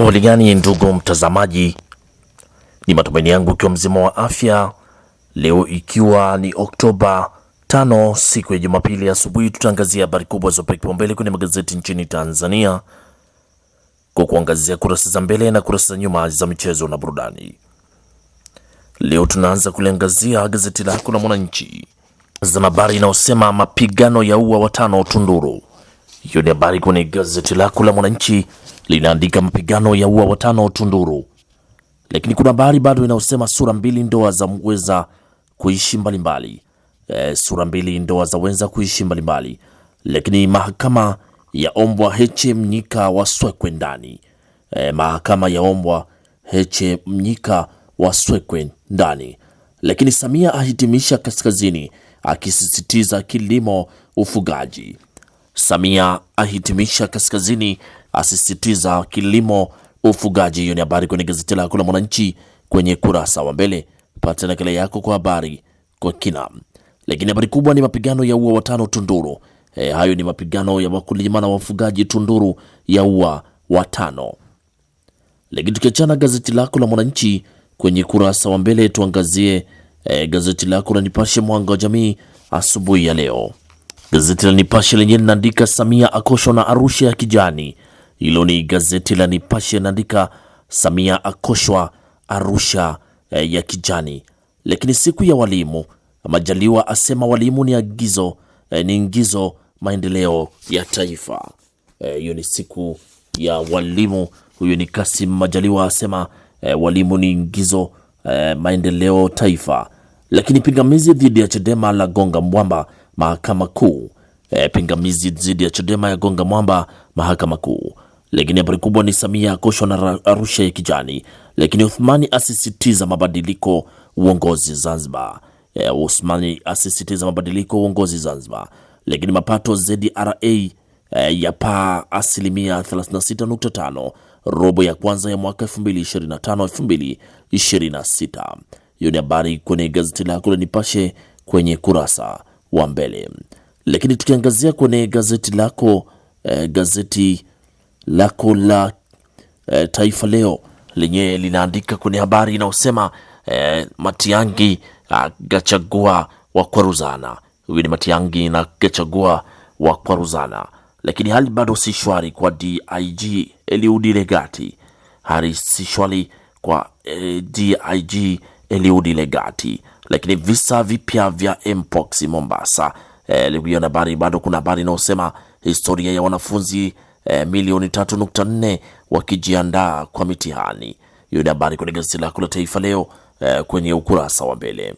Uhaligani ndugu mtazamaji, ni matumaini yangu ikiwa mzima wa afya. Leo ikiwa ni Oktoba tano, siku ya Jumapili asubuhi, tutaangazia habari kubwa zopewa kipaumbele kwenye magazeti nchini Tanzania kwa kuangazia kurasa za mbele na kurasa za nyuma za michezo na burudani. Leo tunaanza kuliangazia gazeti lako la Mwananchi za habari inayosema mapigano ya ua watano Tunduru. Hiyo ni habari kwenye gazeti lako la Mwananchi linaandika mapigano ya ua watano Tunduru, lakini kuna habari bado inayosema sura mbili ndoa za mweza kuishi mbalimbali mbali. E, sura mbili ndoa za wenza kuishi mbalimbali mbali. Lakini mahakama ya ombwa Heche Mnyika waswekwe ndani e, mahakama ya ombwa Heche Mnyika waswekwe ndani. Lakini Samia ahitimisha kaskazini akisisitiza kilimo ufugaji. Samia ahitimisha kaskazini asisitiza kilimo, ufugaji. Hiyo ni habari kwenye gazeti lako la Mwananchi kwenye kurasa wa mbele, pata nakala yako kwa habari kwa kina. Lakini habari kubwa ni mapigano ya ua watano Tunduru. E, hayo ni mapigano ya wakulima na wafugaji Tunduru ya ua watano. Lakini tukiachana gazeti lako la Mwananchi kwenye kurasa wa mbele tuangazie e, gazeti lako la Nipashe mwanga wa jamii asubuhi ya leo. Gazeti la Nipashe lenyewe linaandika Samia akosho na Arusha ya kijani hilo ni gazeti la Nipashe inaandika Samia akoshwa Arusha eh, ya kijani. Lakini siku ya walimu, Majaliwa asema walimu ni agizo eh, ni ingizo maendeleo ya taifa. E, hiyo eh, ni siku ya walimu. Huyu ni Kasim Majaliwa asema eh, walimu ni ingizo eh, maendeleo taifa. Lakini pingamizi dhidi ya Chadema la gonga mwamba mahakama kuu. Eh, pingamizi dhidi ya Chadema ya gonga mwamba mahakama kuu. Lakini habari kubwa ni Samia akoshwa na Arusha ya kijani, lakini Uthmani asisitiza mabadiliko uongozi Zanzibar. E, Uthmani asisitiza mabadiliko uongozi Zanzibar. Lakini mapato ZRA e, ya paa asilimia 36.5 robo ya kwanza ya mwaka 2025 2026. Hiyo ni habari kwenye gazeti lako la Nipashe kwenye kurasa wa mbele. Lakini tukiangazia kwenye gazeti lako e, gazeti lako la e, Taifa Leo lenye linaandika kwenye habari inayosema e, Matiangi a, ah, Gachagua wakwaruzana. Huyu ni Matiangi na Gachagua wakwaruzana, lakini hali bado si shwari kwa DIG Eliud Legati. Hali si shwari kwa e, eh, DIG Eliud Legati, lakini visa vipya vya mpox Mombasa. E, likiona habari bado kuna habari inayosema historia ya wanafunzi Eh, milioni 3.4 wakijiandaa kwa mitihani. Hiyo ni habari kwenye gazeti lako la Taifa Leo eh, kwenye ukurasa wa mbele.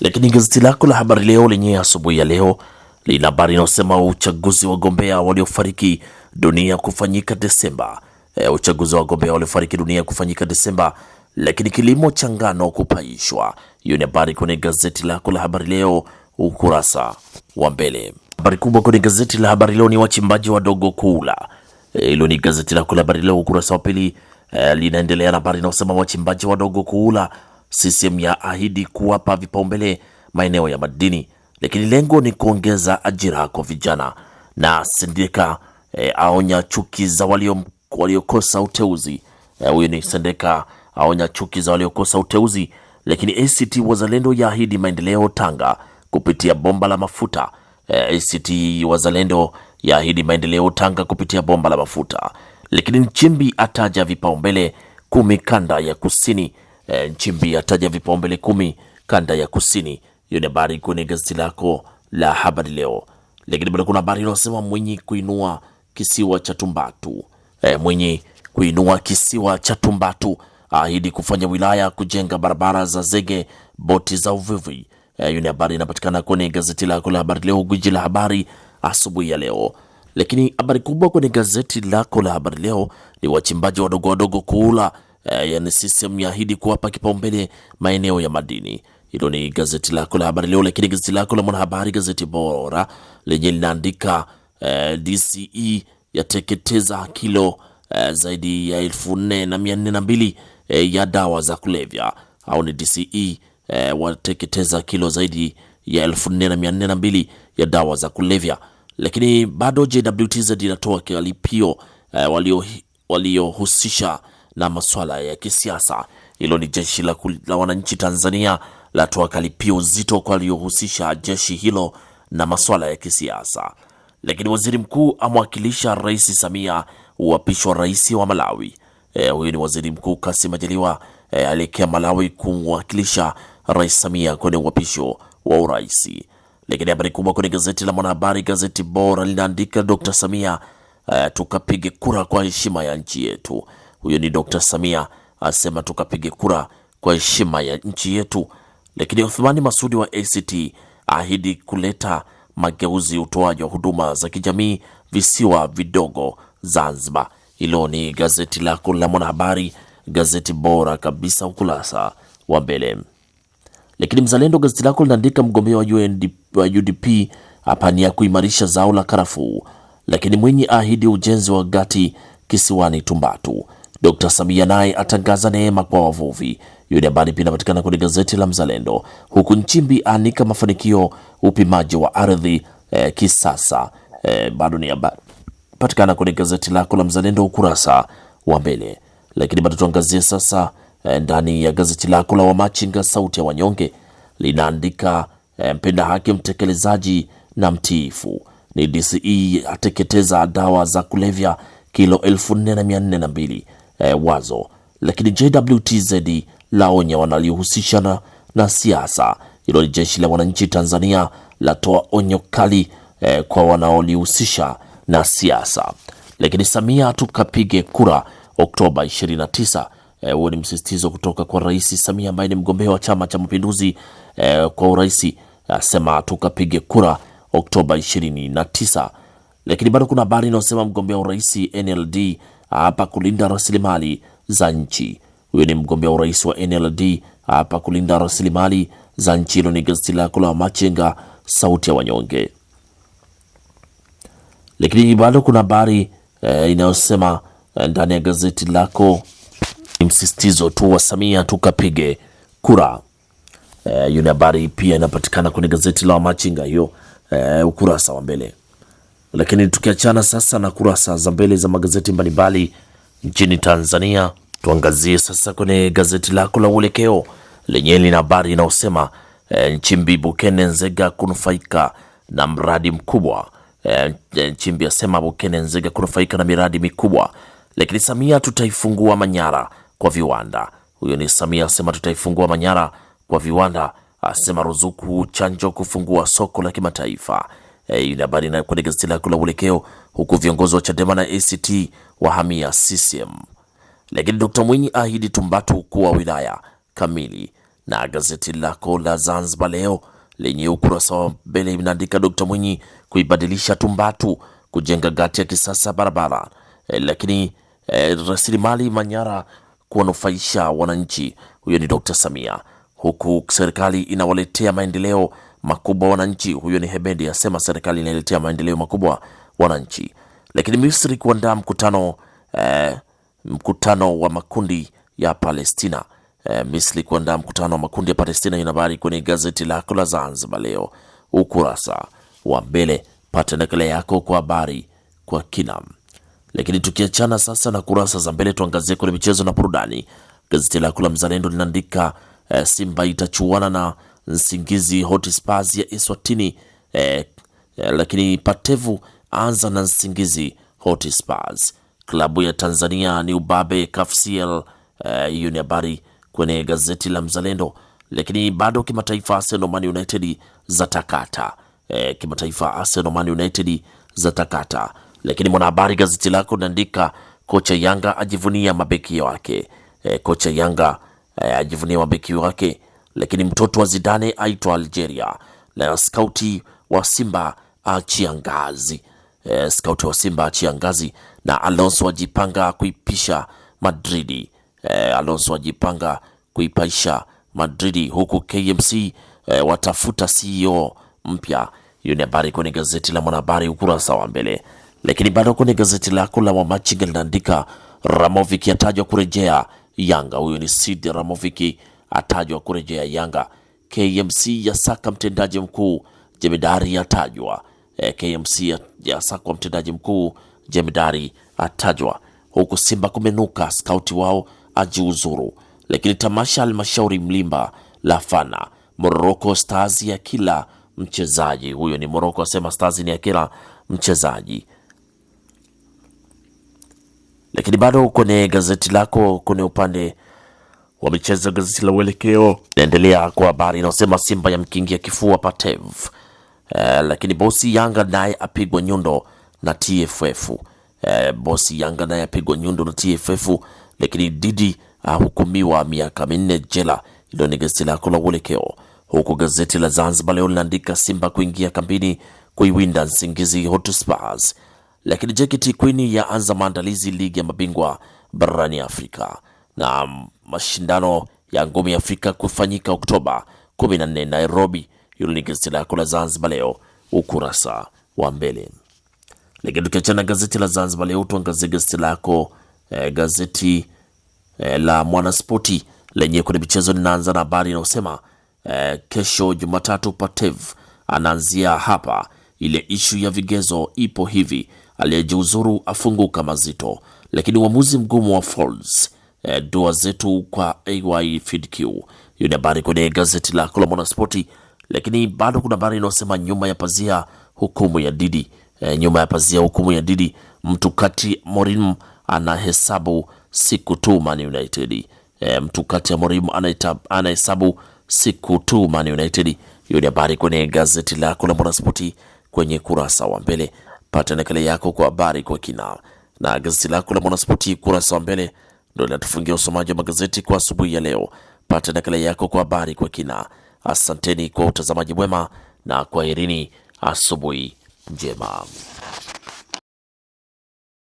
Lakini gazeti lako la Habari Leo lenye asubuhi ya leo lina habari inayosema uchaguzi wa gombea waliofariki dunia kufanyika Desemba. E, uchaguzi wa gombea waliofariki dunia kufanyika Desemba. Lakini kilimo cha ngano kupaishwa. Hiyo ni habari kwenye gazeti lako la Habari Leo ukurasa wa mbele habari kubwa kwenye gazeti la habari leo ni wachimbaji wadogo kula. Hilo ni gazeti la kula habari leo ukurasa wa pili eh, linaendelea na habari inayosema wachimbaji wadogo kula, CCM ya ahidi kuwapa vipaumbele maeneo ya madini, lakini lengo ni kuongeza ajira kwa vijana. Na Sendeka eh, aonya chuki za waliokosa uteuzi. Eh, huyu eh, ni Sendeka aonya chuki za waliokosa uteuzi, lakini ACT Wazalendo yaahidi maendeleo Tanga kupitia bomba la mafuta Eh, ACT Wazalendo yaahidi maendeleo Tanga kupitia bomba la mafuta, lakini Nchimbi ataja vipaumbele kumi kanda ya kusini. E, Nchimbi ataja vipaumbele kumi kanda ya kusini. Hiyo ni habari kwenye gazeti lako la habari leo, lakini bado kuna habari inasema Mwinyi kuinua kisiwa cha Tumbatu. E, Mwinyi kuinua kisiwa cha Tumbatu, ahidi kufanya wilaya kujenga barabara za zege, boti za uvuvi Eh, hiyo ni habari inapatikana kwenye gazeti lako la habari leo, gwiji la habari asubuhi ya leo. Lakini habari kubwa kwenye gazeti lako la habari leo ni wachimbaji wadogo wadogo kuula, eh, yani system yaahidi kuwapa kipaumbele maeneo ya madini. Hilo ni gazeti lako la habari leo. Lakini gazeti lako la Mwanahabari, gazeti bora lenye linaandika eh, DCE yateketeza kilo eh, zaidi ya elfu nne na mia nne na mbili eh, ya dawa za kulevya au ni DCE e, wateketeza kilo zaidi ya 1442 ya dawa za kulevya. Lakini bado JWTZ inatoa kalipio e, eh, waliohusisha walio na masuala ya kisiasa. Hilo ni jeshi la, la wananchi Tanzania latoa kalipio zito kwa waliohusisha jeshi hilo na masuala ya kisiasa. Lakini waziri mkuu amwakilisha Rais Samia uapishwa rais wa Malawi. E, huyu ni waziri mkuu Kassim Majaliwa e, alielekea Malawi kumwakilisha Rais Samia kwenye uapisho wa urais. Lakini habari kubwa kwenye gazeti la Mwanahabari, gazeti bora linaandika Dr. Samia uh, tukapige kura kwa heshima ya nchi yetu. Huyo ni Dr. Samia asema tukapige kura kwa heshima ya nchi yetu. Lakini Uthmani Masudi wa ACT ahidi kuleta mageuzi utoaji wa huduma za kijamii visiwa vidogo Zanzibar. Hilo ni gazeti lako la Mwanahabari, gazeti bora kabisa, ukurasa wa mbele. Lakini Mzalendo gazeti lako linaandika mgombea wa UDP apania kuimarisha zao la karafuu, lakini Mwinyi ahidi ujenzi wa gati kisiwani Tumbatu. d Samia naye atangaza neema kwa wavuvi. Hiyo ni habari pia inapatikana kwenye gazeti la Mzalendo, huku Nchimbi aanika mafanikio upimaji wa ardhi eh, kisasa eh, bado ni habari patikana kwenye gazeti lako la Mzalendo ukurasa wa mbele. Lakini bado tuangazie sasa Eh, ndani ya gazeti lako la Wamachinga sauti ya wanyonge linaandika eh, mpenda haki, mtekelezaji na mtiifu. Ni DCE ateketeza dawa za kulevya kilo 4402 eh, wazo. Lakini JWTZ laonya wanaliohusisha na, na siasa. Hilo ni jeshi la wananchi Tanzania latoa onyo kali eh, kwa wanaolihusisha na siasa. Lakini Samia tukapige kura Oktoba 29 Eh, huo ni msisitizo kutoka kwa Rais Samia ambaye ni mgombea wa Chama cha Mapinduzi e, kwa urais, asema tukapige kura Oktoba 29. Lakini bado kuna habari inayosema mgombea wa urais NLD hapa kulinda rasilimali za nchi. Huyo ni mgombea wa urais wa NLD hapa kulinda rasilimali za nchi. Hilo ni gazeti lako la Machenga, sauti ya wanyonge. Lakini bado kuna habari e, inayosema ndani ya gazeti lako ni msisitizo tu wa Samia, tukapige kura. E, hiyo ni habari pia inapatikana kwenye gazeti la Machinga hiyo, e, ukurasa wa mbele. Lakini tukiachana sasa na kurasa za mbele za magazeti mbalimbali nchini Tanzania, tuangazie sasa kwenye gazeti lako la Uelekeo lenye lina habari inayosema e, Nchimbi Bukene Nzega kunufaika na mradi mkubwa. E, Nchimbi asema Bukene Nzega kunufaika na miradi mikubwa, lakini Samia tutaifungua Manyara kwa viwanda. Huyo ni Samia asema tutaifungua Manyara kwa viwanda, asema ruzuku chanjo kufungua soko la kimataifa. Hii eh, ni habari na kwenye gazeti lako la Uelekeo, huku viongozi wa Chadema na ACT wahamia CCM. Lakini Dr. Mwinyi ahidi Tumbatu kuwa wilaya kamili. Na gazeti lako la Zanzibar Leo lenye ukurasa wa mbele inaandika Dr. Mwinyi kuibadilisha Tumbatu kujenga gati ya kisasa barabara. E, lakini e, rasilimali Manyara kuwanufaisha wananchi. Huyo ni Dr. Samia, huku serikali inawaletea maendeleo makubwa wananchi. Huyo ni Hebedi asema serikali inaletea maendeleo makubwa wananchi. Lakini Misri kuandaa mkutano, eh, mkutano wa makundi ya Palestina. Eh, Misri kuandaa mkutano wa makundi ya Palestina ina habari kwenye gazeti lako la Zanzibar leo ukurasa wa mbele. Pata nakala yako kwa habari kwa kinam lakini tukiachana sasa na kurasa za mbele, tuangazie kwenye michezo na burudani. Gazeti lako la Mzalendo linaandika e, Simba itachuana na Nsingizi Hotspurs ya Eswatini e, e, lakini Patevu anza na Nsingizi Hotspurs. Klabu ya Tanzania ni ubabe KFCL. Hiyo e, ni habari kwenye gazeti la Mzalendo. Lakini bado kimataifa, Arsenal Man United za takata e, kimataifa Arsenal Man United za takata lakini Mwanahabari gazeti lako naandika kocha Yanga ajivunia mabeki wake. E, kocha Yanga e, ajivunia mabeki wake. Lakini mtoto wa Zidane aitwa Algeria na skauti wa Simba achia ngazi. E, eh, skauti wa Simba achia ngazi na Alonso ajipanga kuipisha Madridi. E, Alonso ajipanga kuipaisha Madridi huku KMC e, watafuta CEO mpya. Hiyo ni habari kwenye gazeti la Mwanahabari ukurasa wa mbele. Lakini bado kwenye gazeti lako la Wamachinga linaandika Ramoviki atajwa kurejea Yanga. Huyu ni Sid Ramoviki atajwa kurejea Yanga. KMC yasaka mtendaji mkuu jemedari atajwa. E, eh, KMC yasaka mtendaji mkuu jemedari atajwa. Huku Simba kumenuka, skauti wao ajiuzuru. Lakini tamasha halmashauri Mlimba la fana Morocco Stars ya kila mchezaji. Huyo ni Morocco asema Stars ni ya kila mchezaji. Lakini bado kwenye gazeti lako kwenye upande wa michezo, gazeti la Uelekeo naendelea kwa habari inayosema Simba ya yamkingia kifua Patev. Eh, lakini bosi Yanga naye apigwa nyundo na TFF. Eh, bosi Yanga naye apigwa nyundo na TFF, lakini Didi ahukumiwa miaka minne jela. Hilo ni gazeti lako la Uelekeo, huku gazeti la Zanzibar leo linaandika Simba kuingia kambini kuiwinda Nsingizi Hot lakini JKT Queen yaanza maandalizi ligi ya mabingwa barani Afrika na mashindano ya ngome ya Afrika kufanyika Oktoba 14 Nairobi. Hilo ni gazeti lako la Zanzibar Leo ukurasa wa mbele. Lakini tukiachana gazeti la Zanzibar Leo tuangazie gazeti lako eh, gazeti eh, la Mwanaspoti lenye kwenye michezo linaanza na habari inayosema eh, kesho Jumatatu Patev anaanzia hapa, ile ishu ya vigezo ipo hivi aliyejiuzuru afunguka mazito, lakini uamuzi mgumu wa Folz. E, dua zetu kwa AY FIDQ. Hiyo ni habari kwenye gazeti la la Mwanaspoti, lakini bado kuna habari inayosema nyuma ya pazia hukumu ya Didi. E, eh, nyuma ya pazia hukumu ya Didi, mtukati Morim anahesabu siku tu Man United. E, mtukati ya Morim anahesabu siku tu Man United. Hiyo ni habari kwenye gazeti la la Mwanaspoti kwenye kurasa wa mbele pata nakala yako kwa habari kwa kina, na gazeti lako la Mwanaspoti kurasa wa mbele ndio linatufungia usomaji wa magazeti kwa asubuhi ya leo. Pata nakala yako kwa habari kwa kina. Asanteni kwa utazamaji mwema na kwaherini, asubuhi njema.